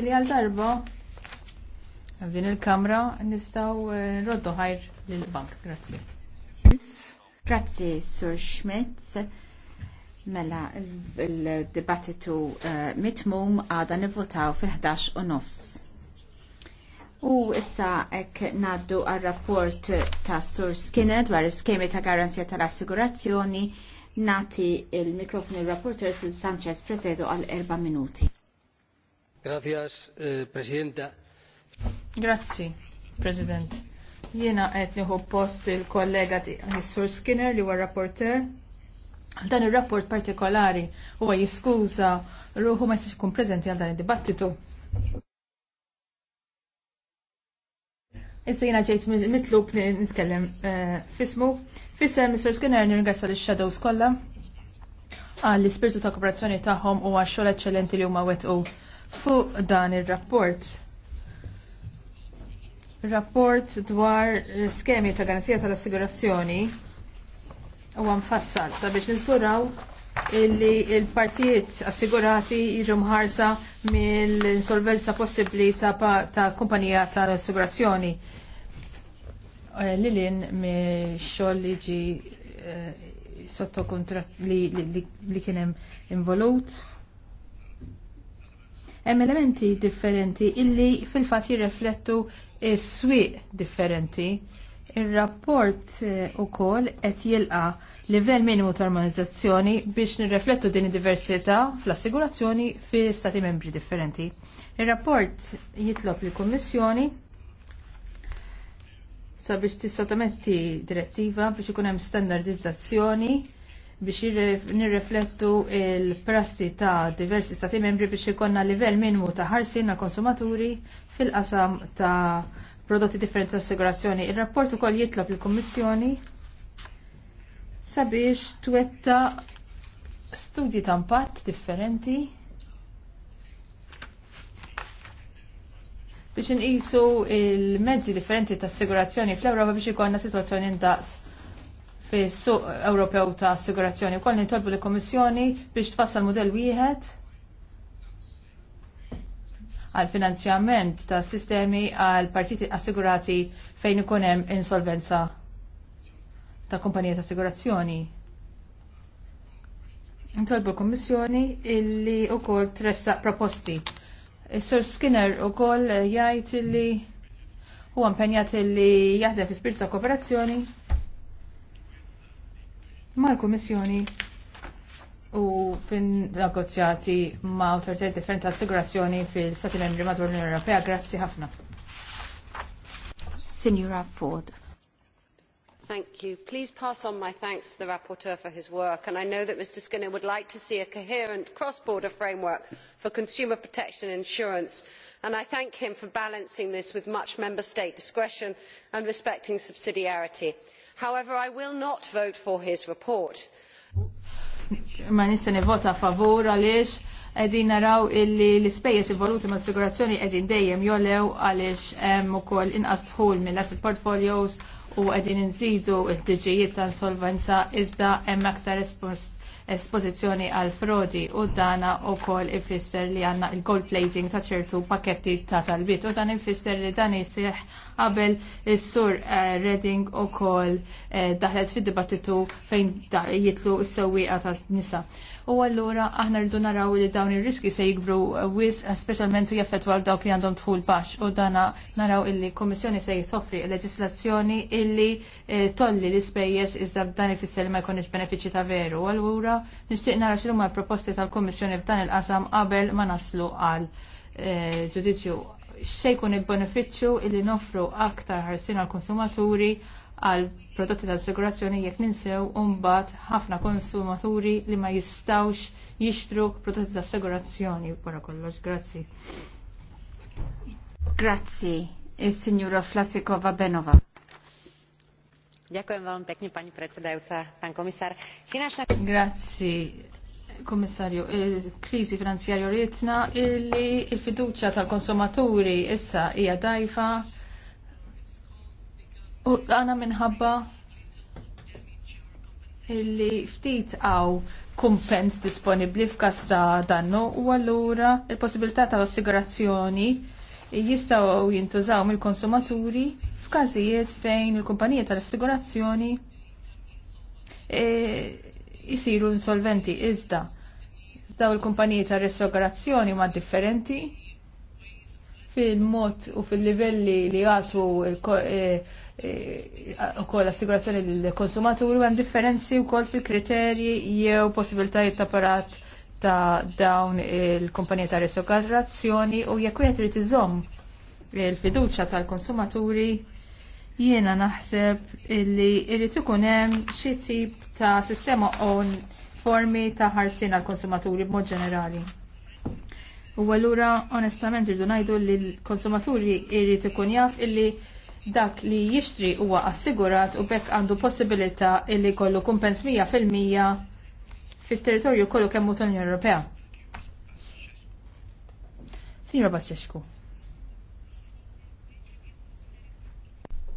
li għal darba din il-kamra nistaw eh, roddu ħajr lill-bank. Grazie. Grazzi, Sur Schmitz. Mela, il-dibattitu eh, mitmum għada nivvotaw fil-11 u nofs. U issa ek naddu għal-rapport ta' Sur Skinner dwar iskemi ta' garanzja tal-assigurazzjoni nati il-mikrofonu il-rapporter Sanchez Presedo għal erba' minuti. Gracias, eh, Presidenta. Grazzi, President. Jiena qed nieħu post il-kollega Sur Skinner li huwa rapporter. Dan ir-rapport partikolari huwa jiskuża ruħu ma jistax ikun preżenti għal dan id-dibattitu. Issa jiena ġejt mitlub nitkellem eh, fismu. Fisem Mr. Skinner, nirgazza li shadows kollha għall ispirtu ta' kooperazzjoni tagħhom u għax-xogħol eċċellenti li huma wetqu fuq dan ir-rapport. Rapport dwar skemi ta' garanzija tal-assigurazzjoni huwa mfassal sabiex niżguraw illi il-partijiet assigurati jiġu mħarsa mill-insolvenza possibbli ta', ta kumpanija tal-assigurazzjoni. Eh, Lilin me xogħol li ġi eh, sotto kontrat li, li, li, li kienem involut hemm elementi differenti illi fil-fatt jirreflettu s-swieq differenti. Ir-rapport eh, ukoll qed jilqa' livell minimu ta' armonizzazzjoni biex nirreflettu din id-diversità fl-assigurazzjoni fi stati membri differenti. Ir-rapport jitlob lill kummissjoni sabiex tissotometti direttiva biex ikun hemm standardizzazzjoni biex nirriflettu l prassi ta' diversi stati membri biex ikonna livell minimu ta' ħarsin għal konsumaturi fil-qasam ta' prodotti differenti ta' assigurazzjoni. Il-rapport ukoll jitlob il-Kummissjoni sabiex twetta studji ta' impatt differenti biex inqisu il-mezzi differenti ta' assigurazzjoni fl-Ewropa biex ikollna sitwazzjoni ndaqs fis-suq Ewropew ta' assigurazzjoni. Wkoll nitolbu li kummissjoni biex tfassal mudell wieħed għal finanzjament ta' sistemi għal partiti assigurati fejn ikun hemm insolvenza ta' kumpanija ta' assigurazzjoni. Nitolbu l kummissjoni illi wkoll tressaq proposti. Is-Sur Skinner ukoll jgħid illi huwa impenjat illi jaħdem fi spirit ta' kooperazzjoni mal-Kummissjoni u fin negozjati ma' autoritet differenti assigurazzjoni fil-Stati Membri madwar l-Unjoni Ewropea. Grazzi ħafna. Signora Ford. Thank you. Please pass on my thanks to the rapporteur for his work, and I know that Mr Skinner would like to see a coherent cross-border framework for consumer protection insurance, and I thank him for balancing this with much member state discretion and respecting subsidiarity. However, I will not vote for his report. Ma nista nivvota favor għaliex qegħdin naraw illi l-ispejjeż involuti mal-assigurazzjoni qegħdin dejjem jolew għaliex hemm ukoll inqas tħul mill-asset portfolios u qegħdin inżidu d-tiġijiet ta' insolvenza iżda hemm aktar espożizzjoni għal frodi u dana wkoll ifisser li għandna l gold plating ta' ċertu pakketti ta' talbiet u dan ifisser li dan jisriħ qabel is-sur uh, u ukoll uh, daħlet fid-dibattitu fejn da, jitlu s-sewwieqa għata nisa u allura aħna rridu naraw li dawn ir-riski se jikbru wis speċjalment jaffettwaw dawk li għandhom tħul baxx u dana naraw illi kummissjoni se jisofri leġislazzjoni illi eh, tolli l-ispejjeż iżda dan ifisser li ma jkunx benefiċċji ta' veru. Allura nixtieq nara x'huma l-proposti tal-Kummissjoni f'dan il-qasam qabel ma naslu għal eh, ġudizzju xejkun il benefiċċju illi nofru aktar ħarsin għal konsumaturi għal prodotti ta' assigurazzjoni jekk ninsew mbagħad ħafna konsumaturi li ma jistawx jixtru prodotti ta' assigurazzjoni wara kollox. Grazzi. Grazzi, il sinjura Flasikova Benova. Ďakujem veľmi pekne, pani predsedajúca, pan komisar. Grazzi, Komissarju, il-krizi finanzjarju rietna illi il-fiduċa tal-konsumaturi issa hija dajfa U għana minħabba illi ftit għaw kumpens disponibli f'kas ta' dannu u allura il-possibilità ta' assigurazzjoni jistaw jintużaw mill-konsumaturi f'każijiet fejn il-kumpanija tal-assigurazzjoni e, jisiru e, insolventi iżda daw il-kumpaniji tal-assigurazzjoni ma' differenti fil-mod u fil-livelli li għatu il- Eh, u koll assigurazzjoni l-konsumaturi u hemm differenzi u koll fil-kriterji jew possibilitajiet ta' parat ta' dawn il kompanija ta' risokarrazzjoni u jekk wieħed irid iżomm il-fiduċja tal-konsumaturi jiena naħseb li irrid ikun hemm xi tip ta' sistema on formi ta' ħarsien għall konsumaturi b'mod ġenerali. U allura onestament irdu ngħidu li l-konsumaturi jrid ikun jaf illi dak li jixtri huwa assigurat u bekk għandu possibilità li jkollu kumpens 100% fit-territorju kollu kemm tal-Unjoni Ewropea. Signor Basċesku.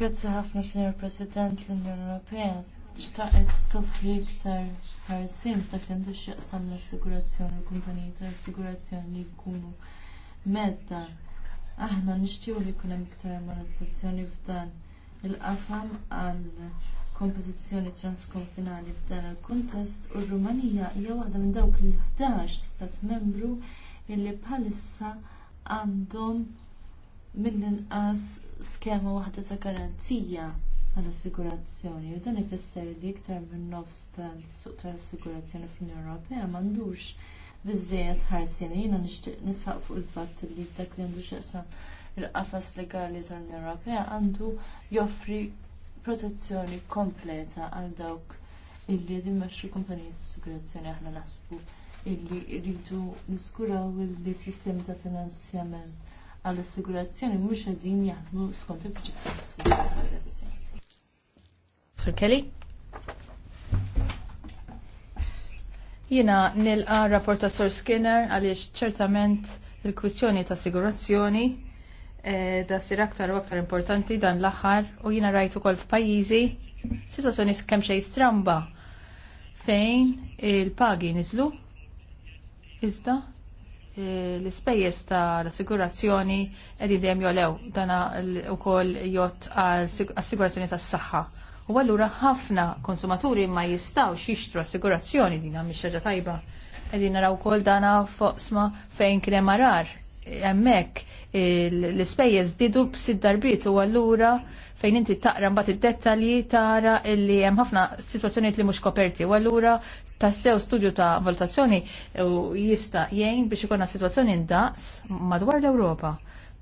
Grazzi ħafna, Signor President, l-Unjoni Ewropea. Xtaqet toffri iktar ħarsim ta' li għandu x'jaqsam l-assigurazzjoni, l-kumpaniji tal-assigurazzjoni li jkunu medda Aħna nixtiju li jkun hemm iktar armonizzazzjoni f'dan il-qasam għal kompetizzjoni transkonfinali f'dan il-kuntest u r-Rumanija hija waħda minn dawk l-11 stat membru illi bħalissa għandhom mill-inqas skema waħda ta' garanzija għall-assigurazzjoni u dan ifisser li iktar minn nofs tal-suq tal-assigurazzjoni fl-Unjoni Ewropea m'għandux bizzejet ħarsin, Jina nixtieq nisħaq fuq il-fatt li dak li għandu x'jaqsam il-qafas legali tal-Unjoni Ewropea għandu joffri protezzjoni kompleta għal dawk illi dimmexxu kumpaniji fis-sigurazzjoni aħna naħsbu illi rridu niskuraw li sistemi ta' finanzjament għall assigurazzjoni mhux qegħdin jaħdmu skont il-proċess. Sir Kelly? Jina nilqa rapport ta' Sor Skinner għaliex ċertament il-kwistjoni ta' sigurazzjoni eh, da sir aktar u aktar importanti dan l-aħħar u jina rajtu kol f'pajjiżi situazzjoni kemm xejn stramba fejn il-pagi nizlu iżda eh, l-ispejjeż tal-assigurazzjoni qegħdin dejjem jolew dana wkoll jott għall-assigurazzjoni tas-saħħa. U allura ħafna konsumaturi ma jistawx jixtru assigurazzjoni din mhix ħaġa tajba. Qegħdin naraw kol dana foqsma fejn kien hemm arar. Hemmhekk l-ispejjeż didu b'sid darbiet u allura fejn inti taqra mbagħad id-dettalji tara illi hemm ħafna sitwazzjonijiet li mhux koperti u allura tassew studju ta' valutazzjoni jista' jgħin biex ikolna sitwazzjoni ndaqs madwar l-Ewropa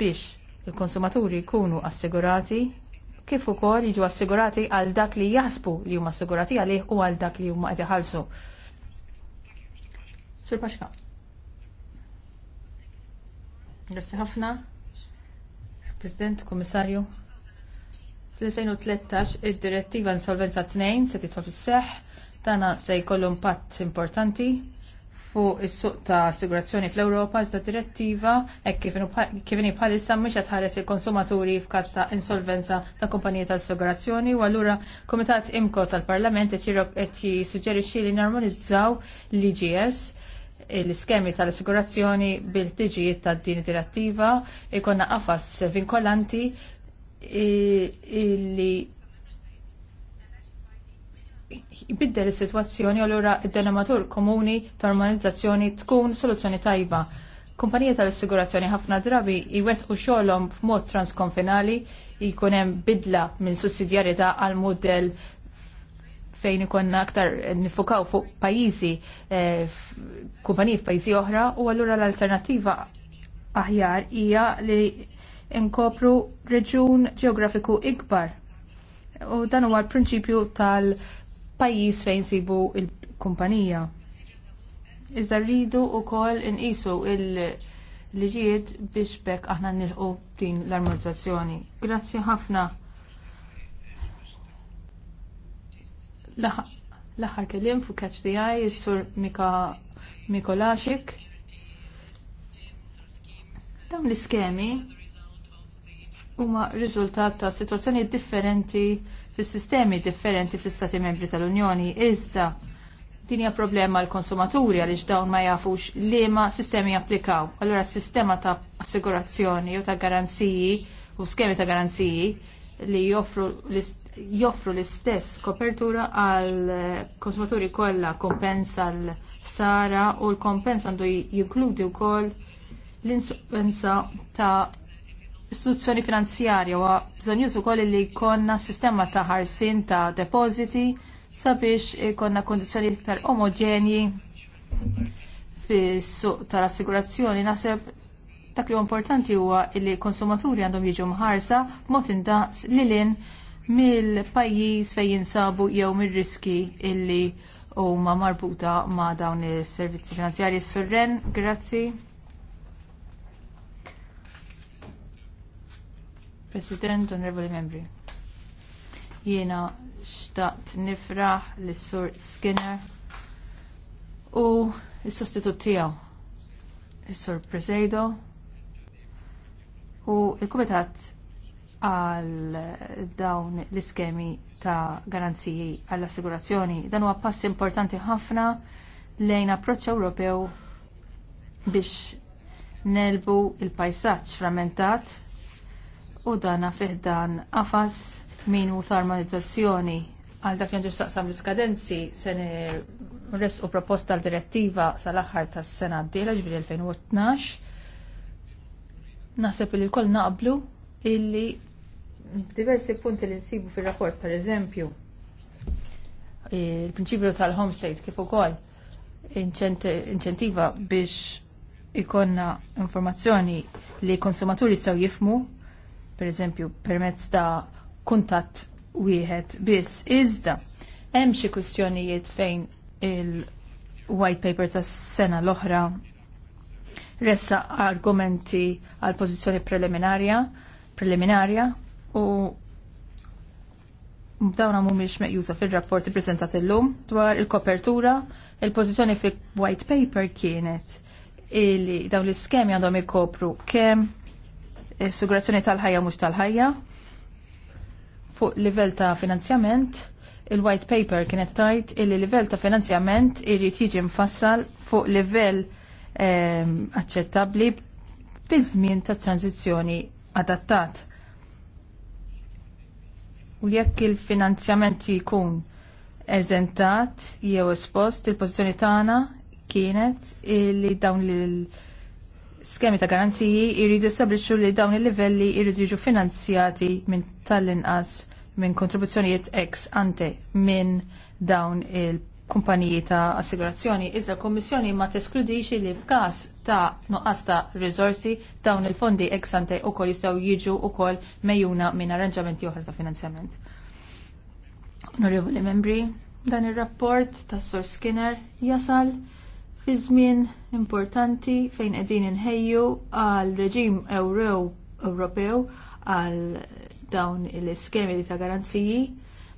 biex il-konsumaturi jkunu assigurati kif ukoll jiġu assigurati għal dak li jaħsbu li huma assigurati għalih u għal dak li huma qed iħallsu. Sur Paxka. Grazzi ħafna. President, Komissarju. Fl-2013 id-direttiva Insolvenza 2 se titfa' fis-seħħ tagħna se jkollu impatt importanti fuq is-suq ta' assigurazzjoni fl-Ewropa iżda direttiva hekk kif inhi bħalissa mhix qed ħares il-konsumaturi f'każ ta' insolvenza ta' kumpaniji ta' assigurazzjoni u allura Kumitat Imko tal-Parlament qed jissuġġerixxi li narmonizzaw l-IGS l-iskemi tal-assigurazzjoni bil-tiġijiet ta' din direttiva ikonna qafas vinkolanti li jbiddel is-sitwazzjoni allura id-denomatur komuni ta' normalizzazzjoni tkun soluzzjoni tajba. Kumpanija tal-assigurazzjoni ħafna drabi jwet u xolom b'mod transkonfinali jkun hemm bidla minn sussidjarjetà għal model fejn ikonna aktar nifukaw fuq pajjiżi eh, kumpaniji f'pajjiżi oħra u allura l-alternattiva aħjar hija li inkopru reġun ġeografiku ikbar. U dan huwa l-prinċipju tal- pajjiż fejn sibu il-kumpanija. Iżda rridu wkoll inqisu il-liġijiet biex bekk aħna nilqu din l-armonizzazzjoni. Grazzi ħafna. L-aħħar kellim fuq Catch the Eye, is-sur Mika Mikolaxik. Dawn l-iskemi huma riżultat ta' sitwazzjoni differenti fis-sistemi differenti fl-Istati membri tal-Unjoni iżda din hija problema għall konsumaturi għaliex dawn ma jafux liema sistemi japplikaw. Allura s-sistema ta' assigurazzjoni u ta' garanziji u skemi ta' garanziji li joffru l-istess kopertura għal konsumaturi kollha kompensa l sara u l kompensa għandu jinkludi wkoll l-insurenza ta' istituzzjoni finanzjarja wa bżonjus ukoll li jkollna sistema ta' ħarsien ta' depositi sabiex ikonna kondizzjoni iktar omogenji fis-suq tal-assigurazzjoni naħseb dak li huwa importanti huwa li konsumaturi għandhom jiġu mħarsa b'mod indaqs li lin mill-pajjiż fejn jinsabu jew mir-riski illi huma marbuta ma' dawn is-servizzi finanzjarji. Sorren, grazzi. President, Honorable membri. Jiena xtaqt nifraħ l sur Skinner u s-sostitut tiegħu l sur Presedo u l kumitat għal dawn l-iskemi ta' garanziji għall assigurazzjoni Dan huwa pass importanti ħafna lejn approċċ Ewropew biex nelbu il-pajsaġġ frammentat u dana fiħdan għafas minu ta' armonizzazzjoni għal dak jenġu saqsam l-iskadenzi se res u proposta l-direttiva sal-aħħar tas-sena d dila ġbir 2012. Naħseb li l-koll naqblu illi diversi punti li nsibu fil-rapport, per eżempju, il-prinċipju tal-homestate kif ukoll inċentiva biex ikonna informazzjoni li konsumaturi jistgħu jifmu pereżempju permezz ta' kuntatt wieħed biss. Iżda hemm xi kwistjonijiet fejn il-white paper tas-sena l-oħra ressa argumenti għal pożizzjoni preliminarja preliminarja u dawna mhumiex meqjusa fir-rapporti ippreżentat illum dwar il-kopertura, il-pożizzjoni fil-white paper kienet li dawn l-iskemi għandhom ikopru kemm Is-sigurazzjoni tal-ħajja mhux tal-ħajja. Fuq livell ta' finanzjament, il-white paper kienet tajt il livell ta' finanzjament irrid jiġi mfassal fuq livell ehm, aċċettabbli fi żmien ta' tranzizzjoni adattat. U jekk il-finanzjament jkun eżentat jew espost il-pożizzjoni tagħna kienet li dawn il- skemi ta' garanziji jridu jistabliċu li dawn il-livelli jridu jiġu finanzjati minn tal-inqas minn kontribuzzjonijiet ex ante minn dawn il-kumpaniji ta' assigurazzjoni. Iżda l-Kommissjoni ma teskludix li f'każ ta' nuqqas ta' rizorsi dawn il-fondi ex ante koll jistgħu jiġu wkoll mejjuna minn arranġamenti oħra ta' finanzjament. Onorevoli membri, dan ir rapport tas Sor Skinner jasal fi żmien importanti fejn qegħdin inħejju għal reġim Ewropew għal dawn l-iskemi ta' garanziji,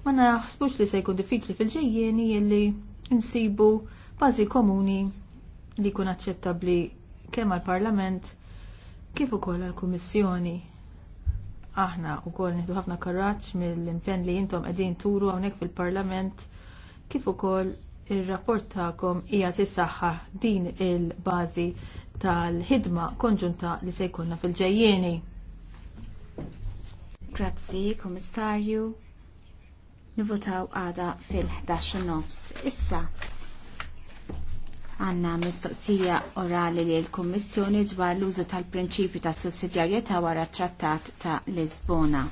ma naħsbux li se jkun diffiċli fil ġejjeni illi insibu bażi komuni li jkun aċċettabbli kemm għall-Parlament kif ukoll għall-Kummissjoni aħna u kol nitu ħafna karraċ mill-impenn li jintom qegħdin turu hawnhekk fil-parlament kif ukoll ir-rapport tagħkom hija tisaħħa din il-bażi tal-ħidma konġunta li se jkollna fil-ġejjieni. Grazzi, Komissarju. Nivutaw għada fil-11 nofs. Issa, għanna mistoqsija orali li l-Kommissjoni dwar l-użu tal-prinċipju ta' sussidjarjetà wara t trattat ta' Lisbona.